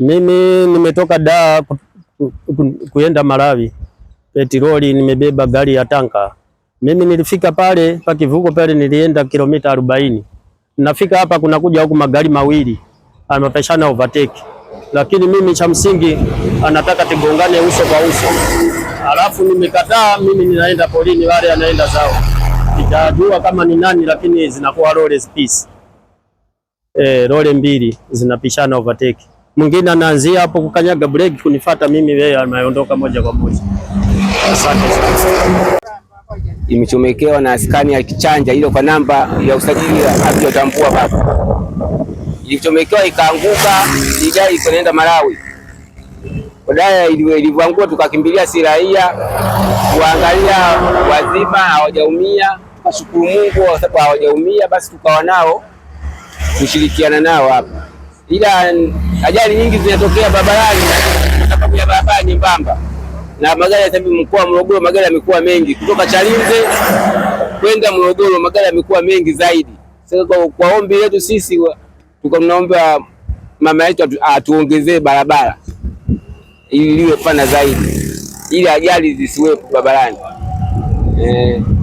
Mimi nimetoka da kuenda Malawi, petroli nimebeba gari ya tanka. Mimi nilifika pale pa kivuko pale, nilienda kilomita arobaini. Nafika hapa kunakuja huku magari mawili amepeshana overtake, lakini mimi cha msingi anataka tigongane uso kwa uso, alafu nimekataa. Mimi ninaenda polini, wale anaenda zao, nitajua kama ni nani, lakini zinakuwa role space. Eh, role mbili zinapishana overtake mwingine anaanzia hapo kukanyaga breki kunifuata mimi, yeye anaondoka moja kwa moja. Asante Imechomekewa na askani ya kichanja ile kwa namba ya usajili akiotambua baba, ilichomekewa ikaanguka, igari ikaenda Malawi. Baadaye ilivyoangua, tukakimbilia Sirahia kuangalia wazima hawajaumia, tukashukuru Mungu kwa sababu hawajaumia. Basi tukawa nao kushirikiana nao hapa ila Ajali nyingi zinatokea barabarani sababu ya barabara nyembamba, na magari ya sababu mkoa Morogoro magari yamekuwa mengi kutoka Chalinze kwenda Morogoro, magari yamekuwa mengi zaidi. Sasa kwa, kwa ombi letu sisi tunaomba mama yetu atuongezee barabara ili liwe pana zaidi, ili ajali zisiwepo barabarani eh.